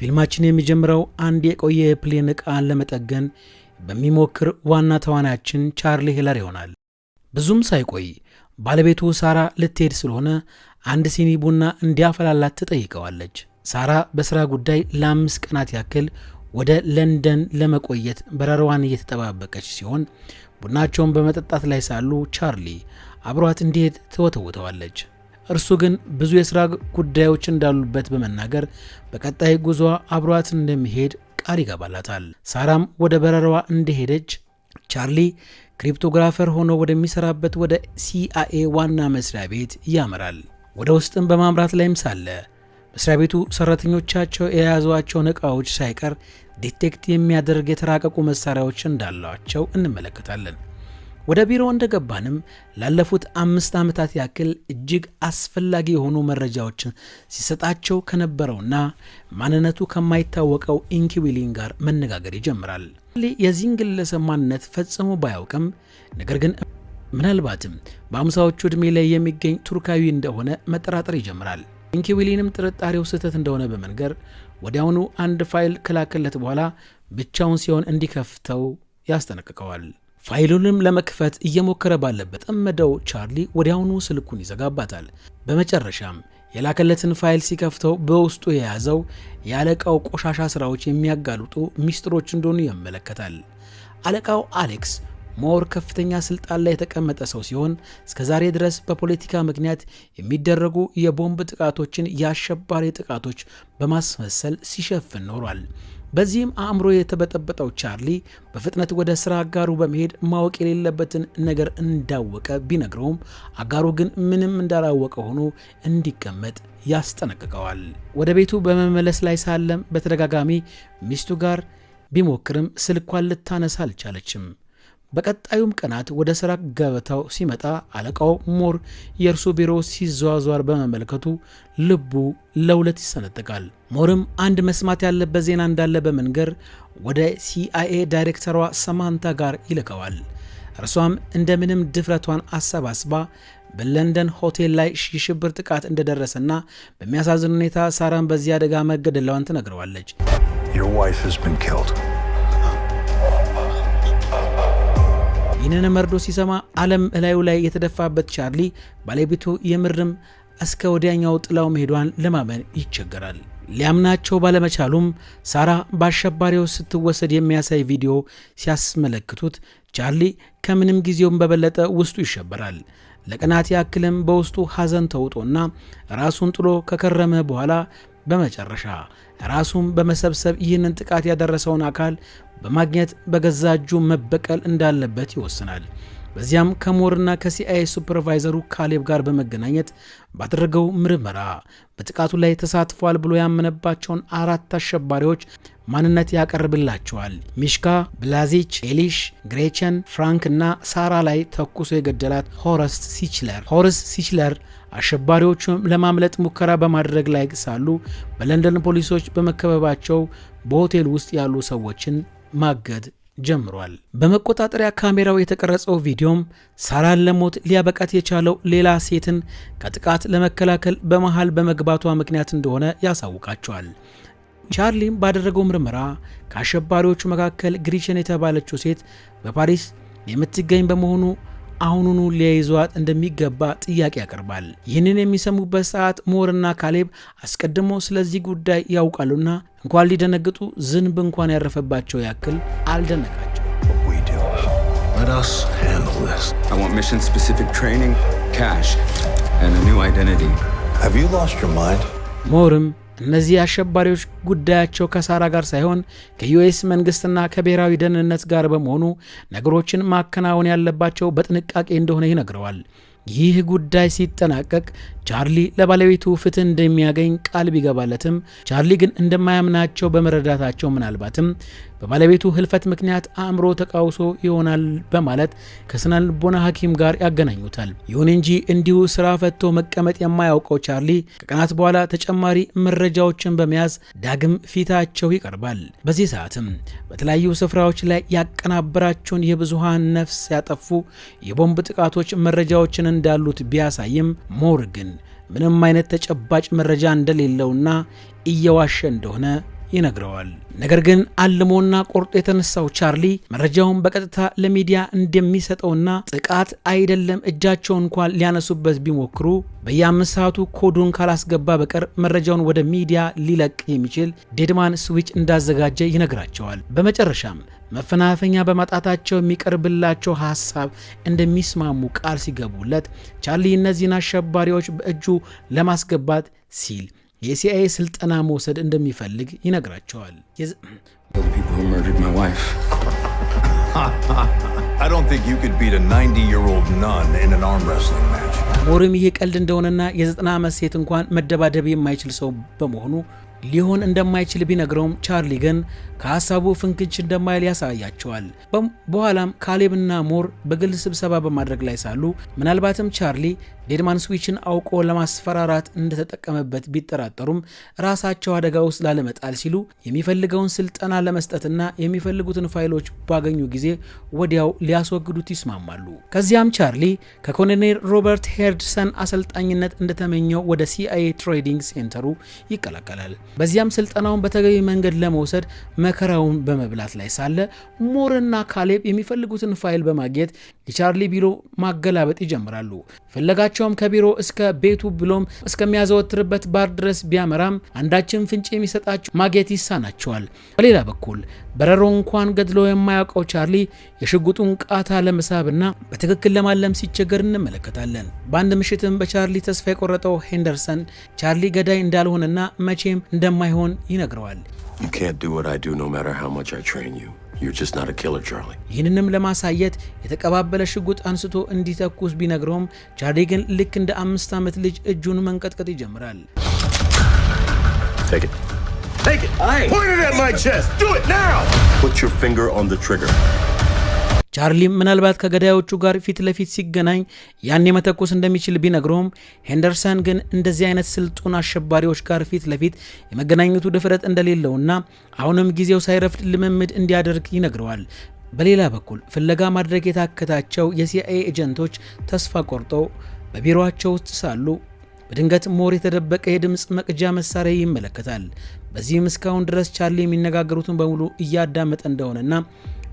ፊልማችን የሚጀምረው አንድ የቆየ የፕሌን ዕቃን ለመጠገን በሚሞክር ዋና ተዋናያችን ቻርሊ ሄለር ይሆናል። ብዙም ሳይቆይ ባለቤቱ ሳራ ልትሄድ ስለሆነ አንድ ሲኒ ቡና እንዲያፈላላት ትጠይቀዋለች። ሳራ በሥራ ጉዳይ ለአምስት ቀናት ያክል ወደ ለንደን ለመቆየት በረራዋን እየተጠባበቀች ሲሆን ቡናቸውን በመጠጣት ላይ ሳሉ ቻርሊ አብሯት እንዲሄድ ትወተውተዋለች። እርሱ ግን ብዙ የስራ ጉዳዮች እንዳሉበት በመናገር በቀጣይ ጉዞዋ አብሯት እንደሚሄድ ቃል ይገባላታል። ሳራም ወደ በረራዋ እንደሄደች ቻርሊ ክሪፕቶግራፈር ሆኖ ወደሚሰራበት ወደ ሲአይኤ ዋና መስሪያ ቤት ያመራል። ወደ ውስጥም በማምራት ላይም ሳለ መስሪያ ቤቱ ሰራተኞቻቸው የያዟቸውን ዕቃዎች ሳይቀር ዲቴክት የሚያደርግ የተራቀቁ መሳሪያዎች እንዳሏቸው እንመለከታለን። ወደ ቢሮ እንደገባንም ላለፉት አምስት ዓመታት ያክል እጅግ አስፈላጊ የሆኑ መረጃዎችን ሲሰጣቸው ከነበረውና ማንነቱ ከማይታወቀው ኢንኪዊሊን ጋር መነጋገር ይጀምራል። የዚህን ግለሰብ ማንነት ፈጽሞ ባያውቅም ነገር ግን ምናልባትም በአምሳዎቹ ዕድሜ ላይ የሚገኝ ቱርካዊ እንደሆነ መጠራጠር ይጀምራል። ኢንኪዊሊንም ጥርጣሬው ስህተት እንደሆነ በመንገር ወዲያውኑ አንድ ፋይል ከላከለት በኋላ ብቻውን ሲሆን እንዲከፍተው ያስጠነቅቀዋል። ፋይሉንም ለመክፈት እየሞከረ ባለበት እመደው ቻርሊ ወዲያውኑ ስልኩን ይዘጋባታል። በመጨረሻም የላከለትን ፋይል ሲከፍተው በውስጡ የያዘው የአለቃው ቆሻሻ ስራዎች የሚያጋልጡ ሚስጥሮች እንደሆኑ ያመለከታል። አለቃው አሌክስ ሞር ከፍተኛ ስልጣን ላይ የተቀመጠ ሰው ሲሆን እስከዛሬ ድረስ በፖለቲካ ምክንያት የሚደረጉ የቦምብ ጥቃቶችን የአሸባሪ ጥቃቶች በማስመሰል ሲሸፍን ኖሯል። በዚህም አእምሮ የተበጠበጠው ቻርሊ በፍጥነት ወደ ስራ አጋሩ በመሄድ ማወቅ የሌለበትን ነገር እንዳወቀ ቢነግረውም አጋሩ ግን ምንም እንዳላወቀ ሆኖ እንዲቀመጥ ያስጠነቅቀዋል። ወደ ቤቱ በመመለስ ላይ ሳለም በተደጋጋሚ ሚስቱ ጋር ቢሞክርም ስልኳን ልታነሳ አልቻለችም። በቀጣዩም ቀናት ወደ ስራ ገበታው ሲመጣ አለቃው ሞር የእርሱ ቢሮ ሲዘዋዟር በመመልከቱ ልቡ ለሁለት ይሰነጥቃል። ሞርም አንድ መስማት ያለበት ዜና እንዳለ በመንገር ወደ ሲአይኤ ዳይሬክተሯ ሰማንታ ጋር ይልከዋል። እርሷም እንደምንም ድፍረቷን አሰባስባ በለንደን ሆቴል ላይ የሽብር ጥቃት እንደደረሰና በሚያሳዝን ሁኔታ ሳራን በዚህ አደጋ መገደላዋን ትነግረዋለች። ይህንን መርዶ ሲሰማ ዓለም እላዩ ላይ የተደፋበት ቻርሊ ባለቤቱ የምርም እስከ ወዲያኛው ጥላው መሄዷን ለማመን ይቸገራል። ሊያምናቸው ባለመቻሉም ሳራ በአሸባሪው ስትወሰድ የሚያሳይ ቪዲዮ ሲያስመለክቱት ቻርሊ ከምንም ጊዜውም በበለጠ ውስጡ ይሸበራል። ለቀናት ያክልም በውስጡ ሐዘን ተውጦና ራሱን ጥሎ ከከረመ በኋላ በመጨረሻ ራሱን በመሰብሰብ ይህንን ጥቃት ያደረሰውን አካል በማግኘት በገዛ እጁ መበቀል እንዳለበት ይወስናል። በዚያም ከሞርና ከሲአይኤ ሱፐርቫይዘሩ ካሌብ ጋር በመገናኘት ባደረገው ምርመራ በጥቃቱ ላይ ተሳትፏል ብሎ ያመነባቸውን አራት አሸባሪዎች ማንነት ያቀርብላቸዋል። ሚሽካ፣ ብላዚች፣ ኤሊሽ፣ ግሬቸን፣ ፍራንክ እና ሳራ ላይ ተኩሶ የገደላት ሆረስት ሲችለር ሆረስ ሲችለር አሸባሪዎቹ ለማምለጥ ሙከራ በማድረግ ላይ ሳሉ በለንደን ፖሊሶች በመከበባቸው በሆቴል ውስጥ ያሉ ሰዎችን ማገድ ጀምሯል። በመቆጣጠሪያ ካሜራው የተቀረጸው ቪዲዮም ሳራን ለሞት ሊያበቃት የቻለው ሌላ ሴትን ከጥቃት ለመከላከል በመሃል በመግባቷ ምክንያት እንደሆነ ያሳውቃቸዋል። ቻርሊም ባደረገው ምርመራ ከአሸባሪዎቹ መካከል ግሪሽን የተባለችው ሴት በፓሪስ የምትገኝ በመሆኑ አሁኑኑ ሊያይዟት እንደሚገባ ጥያቄ ያቀርባል። ይህንን የሚሰሙበት ሰዓት ሞርና ካሌብ አስቀድሞ ስለዚህ ጉዳይ ያውቃሉና እንኳን ሊደነግጡ ዝንብ እንኳን ያረፈባቸው ያክል አልደነቃቸው። ሞርም እነዚህ አሸባሪዎች ጉዳያቸው ከሳራ ጋር ሳይሆን ከዩኤስ መንግስትና ከብሔራዊ ደህንነት ጋር በመሆኑ ነገሮችን ማከናወን ያለባቸው በጥንቃቄ እንደሆነ ይነግረዋል። ይህ ጉዳይ ሲጠናቀቅ ቻርሊ ለባለቤቱ ፍትህ እንደሚያገኝ ቃል ቢገባለትም ቻርሊ ግን እንደማያምናቸው በመረዳታቸው ምናልባትም በባለቤቱ ህልፈት ምክንያት አእምሮ ተቃውሶ ይሆናል በማለት ከስነልቦና ሐኪም ጋር ያገናኙታል። ይሁን እንጂ እንዲሁ ስራ ፈቶ መቀመጥ የማያውቀው ቻርሊ ከቀናት በኋላ ተጨማሪ መረጃዎችን በመያዝ ዳግም ፊታቸው ይቀርባል። በዚህ ሰዓትም በተለያዩ ስፍራዎች ላይ ያቀናበራቸውን የብዙሃን ነፍስ ያጠፉ የቦምብ ጥቃቶች መረጃዎችን እንዳሉት ቢያሳይም ሞር ግን ምንም አይነት ተጨባጭ መረጃ እንደሌለውና እየዋሸ እንደሆነ ይነግረዋል። ነገር ግን አልሞና ቆርጦ የተነሳው ቻርሊ መረጃውን በቀጥታ ለሚዲያ እንደሚሰጠውና ጥቃት አይደለም እጃቸው እንኳን ሊያነሱበት ቢሞክሩ በየአምስት ሰዓቱ ኮዱን ካላስገባ በቀር መረጃውን ወደ ሚዲያ ሊለቅ የሚችል ዴድማን ስዊች እንዳዘጋጀ ይነግራቸዋል። በመጨረሻም መፈናፈኛ በማጣታቸው የሚቀርብላቸው ሀሳብ እንደሚስማሙ ቃል ሲገቡለት ቻርሊ እነዚህን አሸባሪዎች በእጁ ለማስገባት ሲል የሲአይኤ ስልጠና መውሰድ እንደሚፈልግ ይነግራቸዋል። ሞሪም ይህ ቀልድ እንደሆነና የዘጠና ዓመት ሴት እንኳን መደባደብ የማይችል ሰው በመሆኑ ሊሆን እንደማይችል ቢነግረውም ቻርሊ ግን ከሀሳቡ ፍንክች እንደማይል ያሳያቸዋል። በኋላም ካሌብና ሞር በግል ስብሰባ በማድረግ ላይ ሳሉ ምናልባትም ቻርሊ ዴድማን ስዊችን አውቆ ለማስፈራራት እንደተጠቀመበት ቢጠራጠሩም ራሳቸው አደጋ ውስጥ ላለመጣል ሲሉ የሚፈልገውን ስልጠና ለመስጠትና የሚፈልጉትን ፋይሎች ባገኙ ጊዜ ወዲያው ሊያስወግዱት ይስማማሉ። ከዚያም ቻርሊ ከኮሎኔል ሮበርት ሄርድሰን አሰልጣኝነት እንደተመኘው ወደ ሲአይኤ ትሬዲንግ ሴንተሩ ይቀላቀላል። በዚያም ስልጠናውን በተገቢ መንገድ ለመውሰድ መከራውን በመብላት ላይ ሳለ ሞርና ካሌብ የሚፈልጉትን ፋይል በማግኘት የቻርሊ ቢሮ ማገላበጥ ይጀምራሉ። ፍለጋቸው ማናቸውም ከቢሮ እስከ ቤቱ ብሎም እስከሚያዘወትርበት ባር ድረስ ቢያመራም አንዳችን ፍንጭ የሚሰጣቸው ማግኘት ይሳናቸዋል። በሌላ በኩል በረሮ እንኳን ገድሎ የማያውቀው ቻርሊ የሽጉጡን ቃታ ለመሳብና በትክክል ለማለም ሲቸገር እንመለከታለን። በአንድ ምሽትም በቻርሊ ተስፋ የቆረጠው ሄንደርሰን ቻርሊ ገዳይ እንዳልሆነና መቼም እንደማይሆን ይነግረዋል። ይህንንም ለማሳየት የተቀባበለ ሽጉጥ አንስቶ እንዲተኩስ ቢነግረውም ቻርሊ ግን ልክ እንደ አምስት ዓመት ልጅ እጁን መንቀጥቀጥ ይጀምራል። Take it. Aye. Point it at my chest. Do it now. Put your finger on the trigger. ቻርሊም ምናልባት ከገዳዮቹ ጋር ፊት ለፊት ሲገናኝ ያኔ መተኮስ እንደሚችል ቢነግረውም ሄንደርሰን ግን እንደዚህ አይነት ስልጡን አሸባሪዎች ጋር ፊት ለፊት የመገናኘቱ ድፍረት እንደሌለውና አሁንም ጊዜው ሳይረፍድ ልምምድ እንዲያደርግ ይነግረዋል። በሌላ በኩል ፍለጋ ማድረግ የታከታቸው የሲአይኤ ኤጀንቶች ተስፋ ቆርጠው በቢሮቸው ውስጥ ሳሉ በድንገት ሞር የተደበቀ የድምፅ መቅጃ መሳሪያ ይመለከታል። በዚህም እስካሁን ድረስ ቻርሊ የሚነጋገሩትን በሙሉ እያዳመጠ እንደሆነና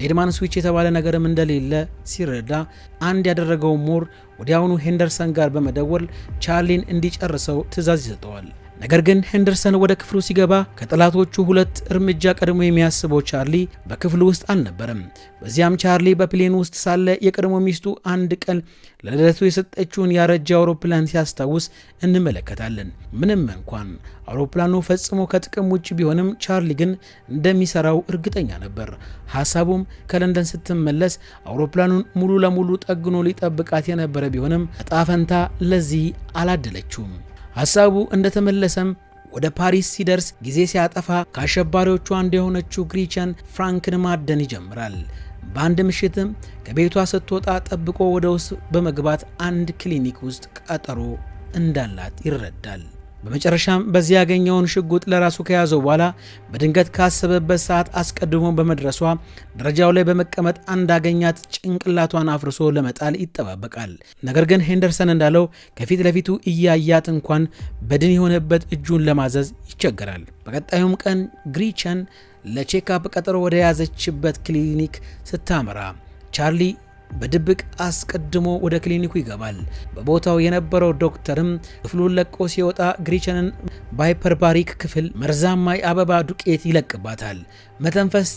ዴድማን ስዊች የተባለ ነገርም እንደሌለ ሲረዳ አንድ ያደረገው ሙር ወዲያውኑ ሄንደርሰን ጋር በመደወል ቻርሊን እንዲጨርሰው ትዕዛዝ ይሰጠዋል። ነገር ግን ሄንደርሰን ወደ ክፍሉ ሲገባ ከጠላቶቹ ሁለት እርምጃ ቀድሞ የሚያስበው ቻርሊ በክፍሉ ውስጥ አልነበረም። በዚያም ቻርሊ በፕሌን ውስጥ ሳለ የቀድሞ ሚስቱ አንድ ቀን ለልደቱ የሰጠችውን ያረጀ አውሮፕላን ሲያስታውስ እንመለከታለን። ምንም እንኳን አውሮፕላኑ ፈጽሞ ከጥቅም ውጭ ቢሆንም ቻርሊ ግን እንደሚሰራው እርግጠኛ ነበር። ሀሳቡም ከለንደን ስትመለስ አውሮፕላኑን ሙሉ ለሙሉ ጠግኖ ሊጠብቃት የነበረ ቢሆንም እጣ ፈንታ ለዚህ አላደለችውም። ሐሳቡ እንደተመለሰም ወደ ፓሪስ ሲደርስ ጊዜ ሲያጠፋ ከአሸባሪዎቹ አንዱ የሆነችው ግሪቸን ፍራንክን ማደን ይጀምራል። በአንድ ምሽትም ከቤቷ ስትወጣ ጠብቆ ወደ ውስጥ በመግባት አንድ ክሊኒክ ውስጥ ቀጠሮ እንዳላት ይረዳል። በመጨረሻም በዚያ ያገኘውን ሽጉጥ ለራሱ ከያዘው በኋላ በድንገት ካሰበበት ሰዓት አስቀድሞ በመድረሷ ደረጃው ላይ በመቀመጥ እንዳገኛት ጭንቅላቷን አፍርሶ ለመጣል ይጠባበቃል። ነገር ግን ሄንደርሰን እንዳለው ከፊት ለፊቱ እያያት እንኳን በድን የሆነበት እጁን ለማዘዝ ይቸገራል። በቀጣዩም ቀን ግሪቸን ለቼካፕ ቀጠሮ ወደ ያዘችበት ክሊኒክ ስታመራ ቻርሊ በድብቅ አስቀድሞ ወደ ክሊኒኩ ይገባል። በቦታው የነበረው ዶክተርም ክፍሉን ለቆ ሲወጣ ግሪቸንን ባይፐርባሪክ ክፍል መርዛማ የአበባ ዱቄት ይለቅባታል። መተንፈስ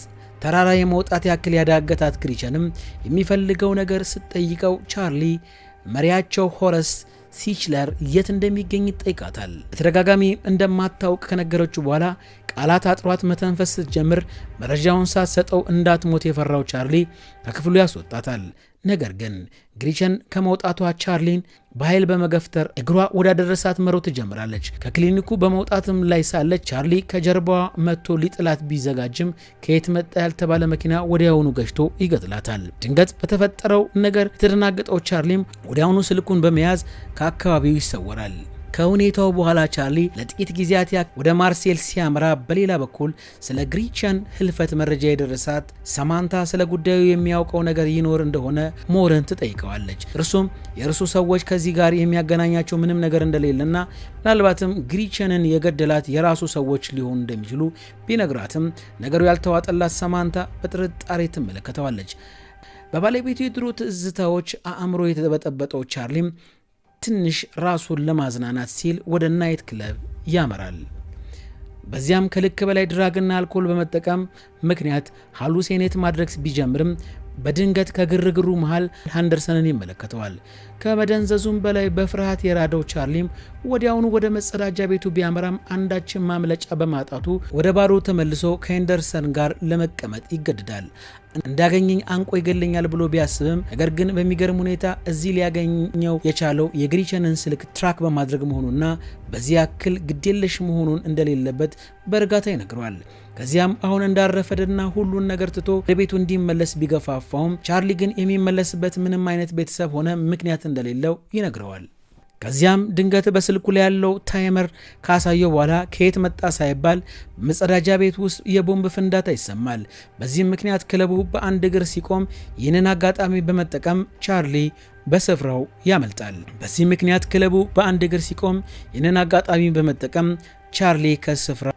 ተራራ የመውጣት ያክል ያዳገታት ግሪቸንም የሚፈልገው ነገር ስትጠይቀው ቻርሊ መሪያቸው ሆረስ ሲችለር የት እንደሚገኝ ይጠይቃታል። በተደጋጋሚ እንደማታውቅ ከነገረችው በኋላ ቃላት አጥሯት መተንፈስ ስትጀምር መረጃውን ሳትሰጠው እንዳትሞት የፈራው ቻርሊ ከክፍሉ ያስወጣታል። ነገር ግን ግሪቸን ከመውጣቷ ቻርሊን በኃይል በመገፍተር እግሯ ወዳደረሳት መሮጥ ትጀምራለች። ከክሊኒኩ በመውጣትም ላይ ሳለች ቻርሊ ከጀርባዋ መጥቶ ሊጥላት ቢዘጋጅም ከየት መጣ ያልተባለ መኪና ወዲያውኑ ገጭቶ ይገጥላታል። ድንገት በተፈጠረው ነገር የተደናገጠው ቻርሊም ወዲያውኑ ስልኩን በመያዝ ከአካባቢው ይሰወራል። ከሁኔታው በኋላ ቻርሊ ለጥቂት ጊዜያት ያ ወደ ማርሴል ሲያምራ በሌላ በኩል ስለ ግሪቻን ህልፈት መረጃ የደረሳት ሰማንታ ስለ ጉዳዩ የሚያውቀው ነገር ይኖር እንደሆነ ሞረን ትጠይቀዋለች። እርሱም የእርሱ ሰዎች ከዚህ ጋር የሚያገናኛቸው ምንም ነገር እንደሌለና ምናልባትም ግሪቸንን የገደላት የራሱ ሰዎች ሊሆኑ እንደሚችሉ ቢነግራትም ነገሩ ያልተዋጠላት ሰማንታ በጥርጣሬ ትመለከተዋለች። በባለቤቱ የድሮ ትዝታዎች አእምሮ የተበጠበጠው ቻርሊም ትንሽ ራሱን ለማዝናናት ሲል ወደ ናይት ክለብ ያመራል። በዚያም ከልክ በላይ ድራግና አልኮል በመጠቀም ምክንያት ሃሉሴኔት ማድረግ ቢጀምርም በድንገት ከግርግሩ መሃል ሃንደርሰንን ይመለከተዋል። ከመደንዘዙም በላይ በፍርሃት የራደው ቻርሊም ወዲያውኑ ወደ መጸዳጃ ቤቱ ቢያመራም አንዳችን ማምለጫ በማጣቱ ወደ ባዶ ተመልሶ ከሄንደርሰን ጋር ለመቀመጥ ይገድዳል። እንዳገኘኝ አንቆ ይገለኛል ብሎ ቢያስብም ነገር ግን በሚገርም ሁኔታ እዚህ ሊያገኘው የቻለው የግሪቸንን ስልክ ትራክ በማድረግ መሆኑና በዚህ ያክል ግዴለሽ መሆኑን እንደሌለበት በእርጋታ ይነግረዋል። ከዚያም አሁን እንዳረፈደና ሁሉን ነገር ትቶ ወደ ቤቱ እንዲመለስ ቢገፋፋውም ቻርሊ ግን የሚመለስበት ምንም አይነት ቤተሰብ ሆነ ምክንያት እንደሌለው ይነግረዋል። ከዚያም ድንገት በስልኩ ላይ ያለው ታይመር ካሳየው በኋላ ከየት መጣ ሳይባል መጸዳጃ ቤት ውስጥ የቦምብ ፍንዳታ ይሰማል። በዚህም ምክንያት ክለቡ በአንድ እግር ሲቆም ይህንን አጋጣሚ በመጠቀም ቻርሊ በስፍራው ያመልጣል። በዚህ ምክንያት ክለቡ በአንድ እግር ሲቆም ይህንን አጋጣሚ በመጠቀም ቻርሊ ከስፍራ